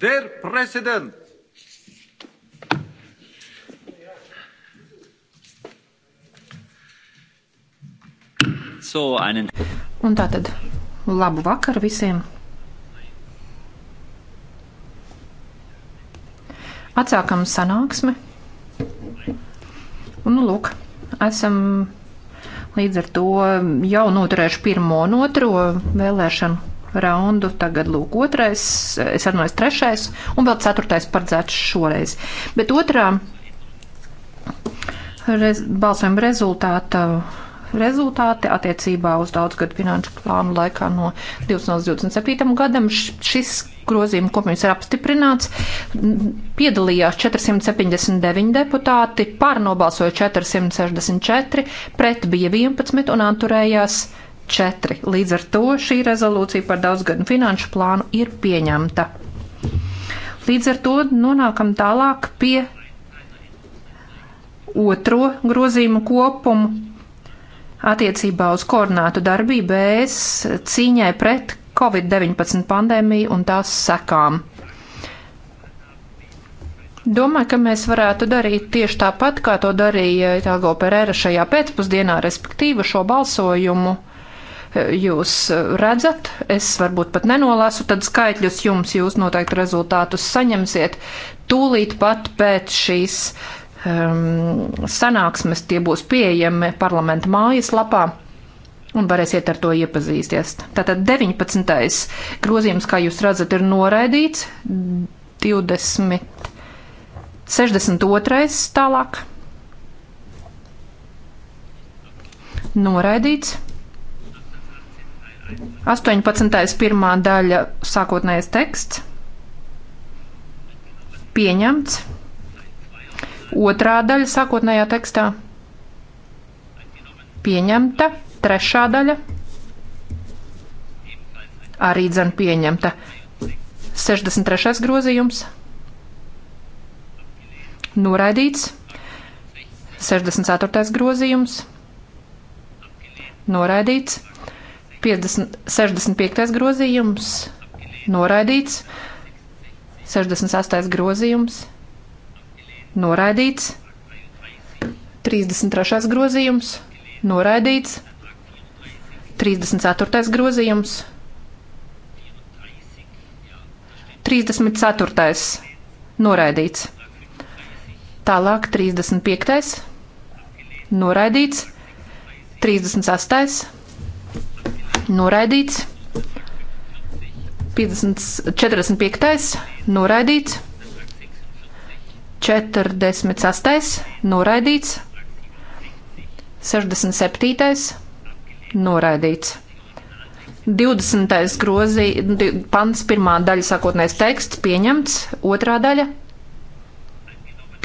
Der Präsident! So, einen... Un tā tad labu vakaru visiem! Atsākam sanāksmi. Un, nu, lūk, esam līdz ar to jau noturējuši pirmo un otro vēlēšanu raundu. Tagad, lūk, otrais, es atvainojos, trešais un vēl ceturtais paredzēts šoreiz. Bet otrā rez, balsojuma rezultāta. Rezultāti attiecībā uz daudzgadu finanšu plānu laikā no 2027. gadam šis grozījuma kopums ir apstiprināts. Piedalījās 479 deputāti, pārnobalsoja 464, pret bija 11 un atturējās 0. 4. Līdz ar to šī rezolūcija par daudzgadu finanšu plānu ir pieņemta. Līdz ar to nonākam tālāk pie otro grozījumu kopumu attiecībā uz koordinātu darbību ES cīņai pret Covid-19 pandēmiju un tās sekām. Domāju, ka mēs varētu darīt tieši tāpat, kā to darīja Itālo Pereira šajā pēcpusdienā, respektīvi šo balsojumu jūs redzat, es varbūt pat nenolāsu, tad skaitļus jums jūs noteikti rezultātus saņemsiet tūlīt pat pēc šīs um, sanāksmes. Tie būs pieejami parlamenta mājaslapā. Un varēsiet ar to iepazīties. Tātad 19. grozījums, kā jūs redzat, ir noraidīts. 20. 62. tālāk. Noraidīts. 18. pirmā daļa sākotnējais teksts. Pieņemts. Otrā daļa sākotnējā tekstā. Pieņemta. Trešā daļa. Arī dzen pieņemta. 63. grozījums. Noraidīts. 64. grozījums. Noraidīts. 50, 65. grozījums noraidīts, 68. grozījums noraidīts, 33. grozījums noraidīts, 34. grozījums 34. noraidīts. Tālāk 35. noraidīts, 38 noraidīts. 50, 45. noraidīts. 46. noraidīts. 67. noraidīts. 20. grozī, pants pirmā daļa sākotnējais teksts pieņemts, otrā daļa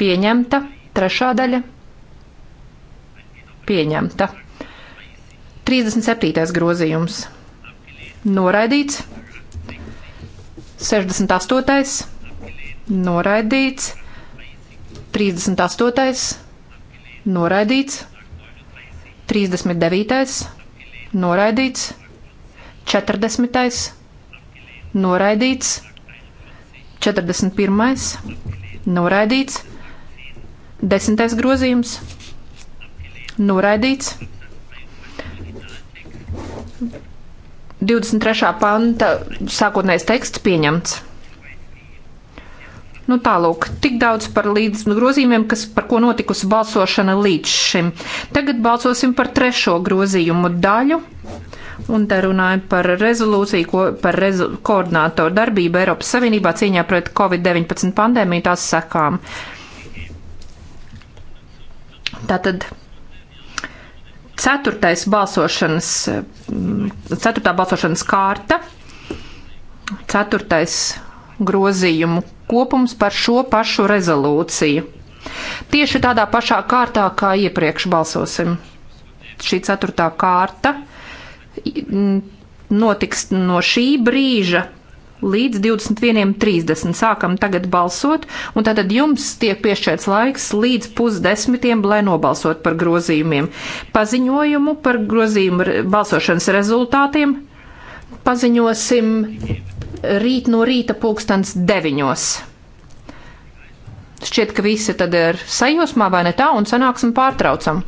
pieņemta, trešā daļa pieņemta. 37. grozījums noraidīts, 68. noraidīts, 38. noraidīts, 39. noraidīts, 40. noraidīts, 41. noraidīts, 10. grozījums noraidīts. 23. panta sākotnējais teksts pieņemts. Nu, tālūk, tik daudz par līdz nu, grozījumiem, kas, par ko notikusi balsošana līdz šim. Tagad balsosim par trešo grozījumu daļu. Un te runāju par rezolūciju, ko, par rezo, koordinātoru darbību Eiropas Savienībā cīņā pret Covid-19 pandēmiju tās sekām. Tātad Ceturtais balsošanas, mm, ceturtā balsošanas kārta, ceturtais grozījumu kopums par šo pašu rezolūciju. Tieši tādā pašā kārtā, kā iepriekš balsosim. Šī ceturtā kārta notiks no šī brīža līdz 21.30. Sākam tagad balsot, un tātad jums tiek piešķirts laiks līdz pusdesmitiem, lai nobalsot par grozījumiem. Paziņojumu par grozījumu balsošanas rezultātiem paziņosim rīt no rīta pulkstens deviņos. Šķiet, ka visi tad ir sajūsmā vai ne tā, un sanāksim pārtraucam.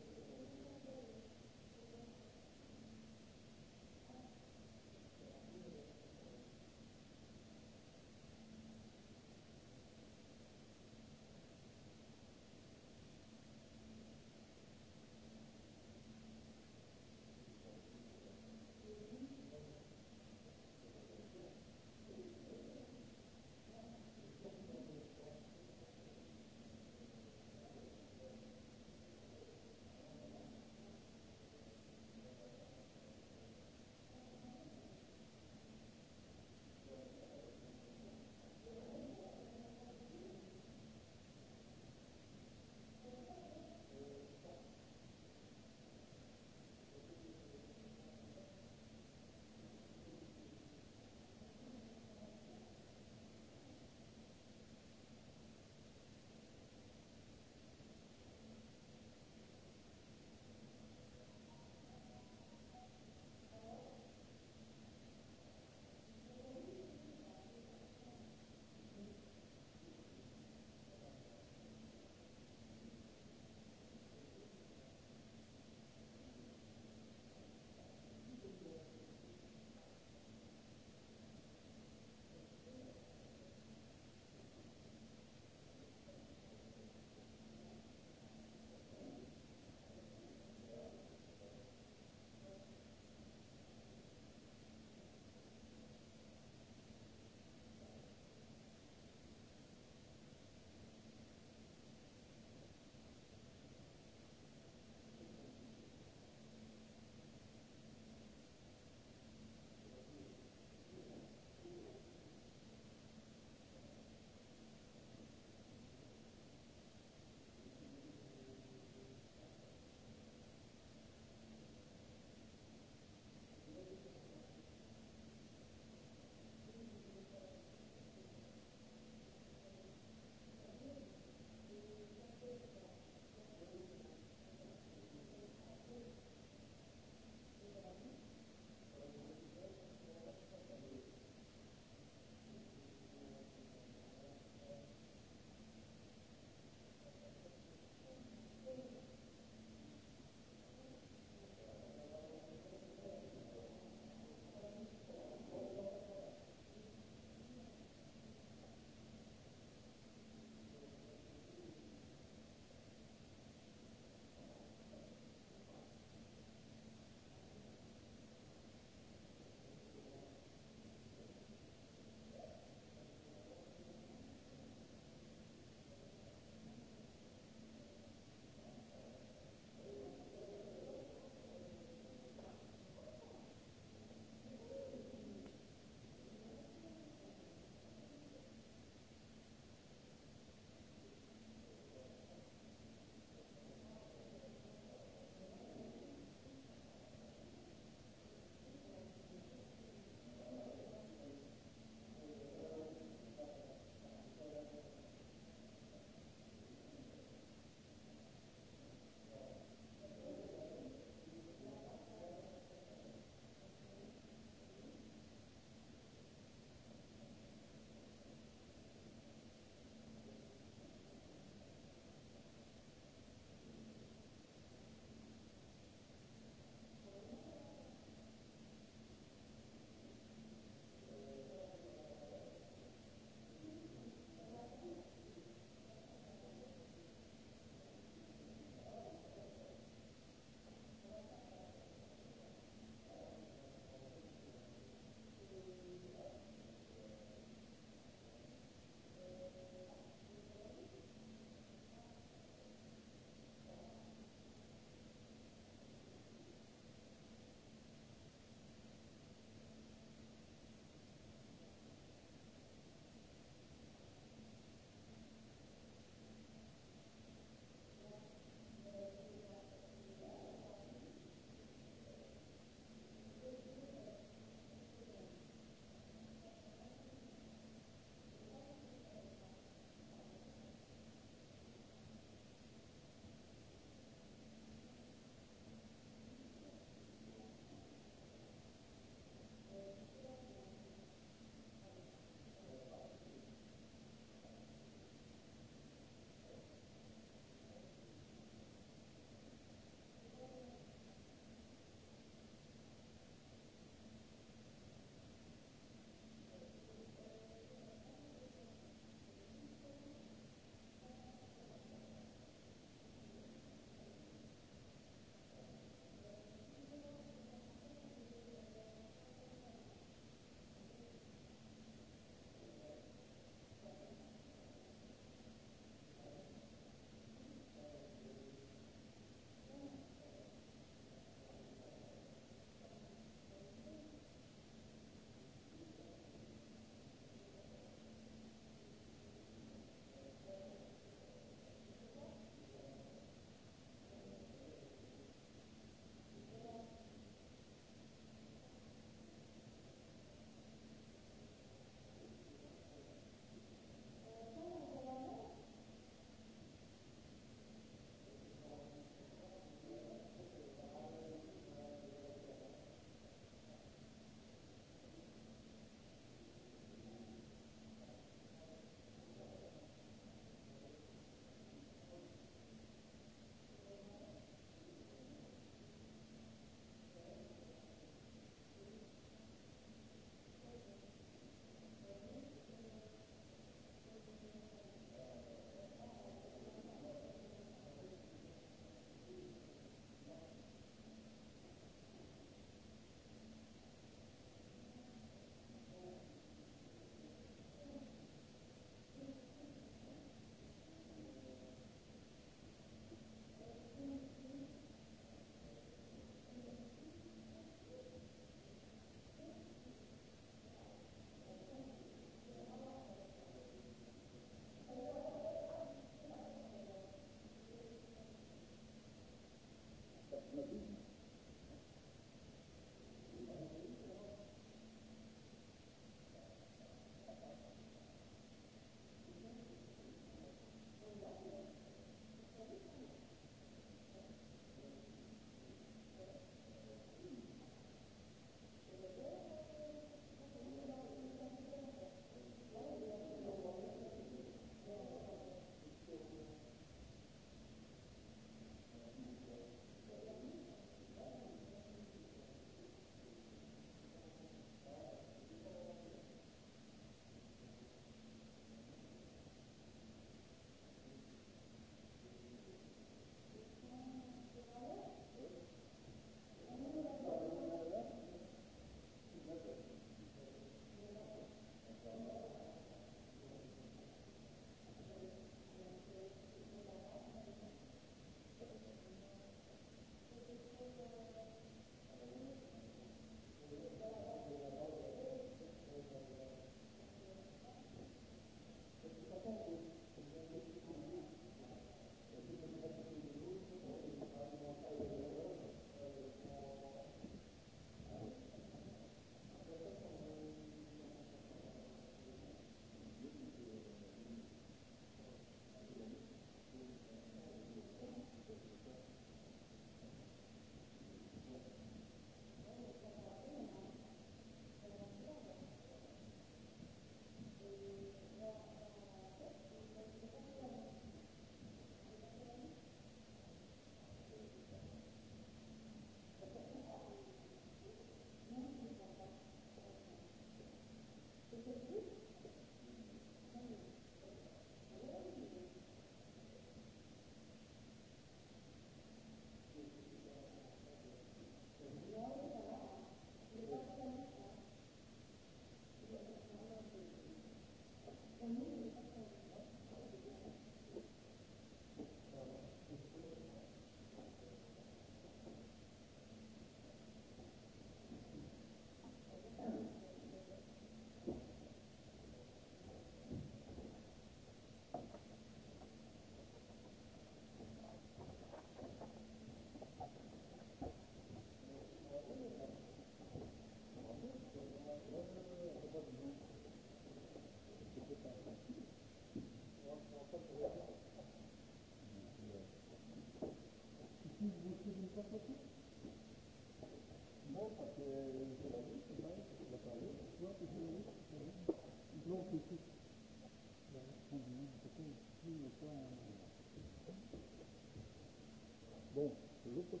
grupos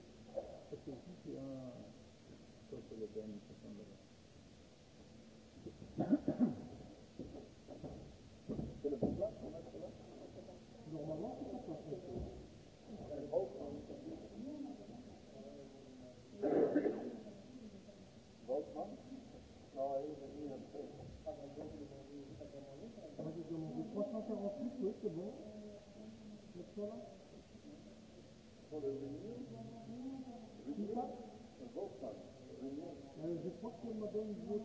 pasakyti jo to ko jie gali nepakankamai Je viens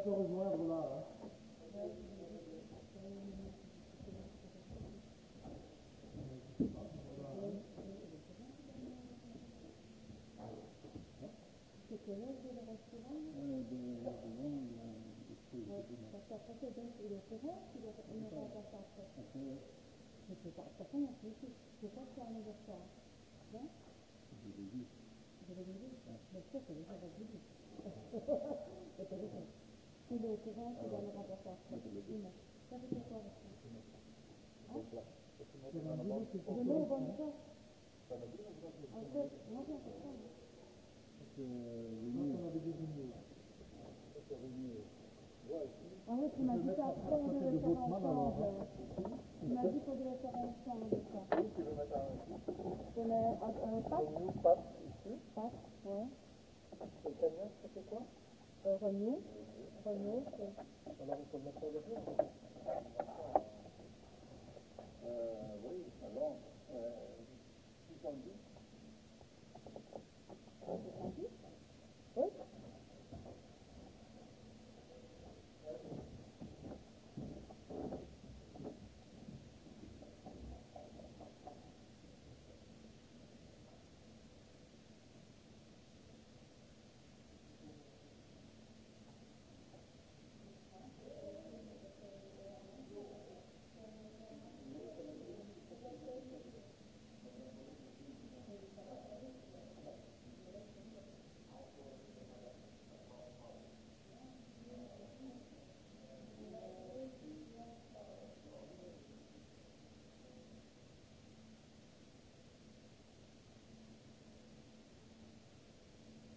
te rejoindre là. Hein. courant qui doit être une chose à faire. Je ne sais pas, personne n'a fait tout. Je crois que c'est un anniversaire. Non Je l'ai dit. Je l'ai dit Mais ça, c'est déjà votre vie. C'est pas vrai. Il est au courant qu'il doit me remplacer. Ça, c'est quoi votre Hein Je mets au bon endroit. En fait, moi, j'ai un peu ça. Parce que... Moi, on avait des vignes. Parce que... Ouais. En fait, il m'a dit ça après de le faire ensemble. Il m'a dit qu'on devait faire ensemble ça. Oui, tu veux mettre un... Mais un, un pape Renew, pape, ici. Pape, ouais. Et italien, ça fait quoi euh, Renew. Renew, c'est... Alors, il faut le mettre en deux Euh, oui, alors, euh, 70.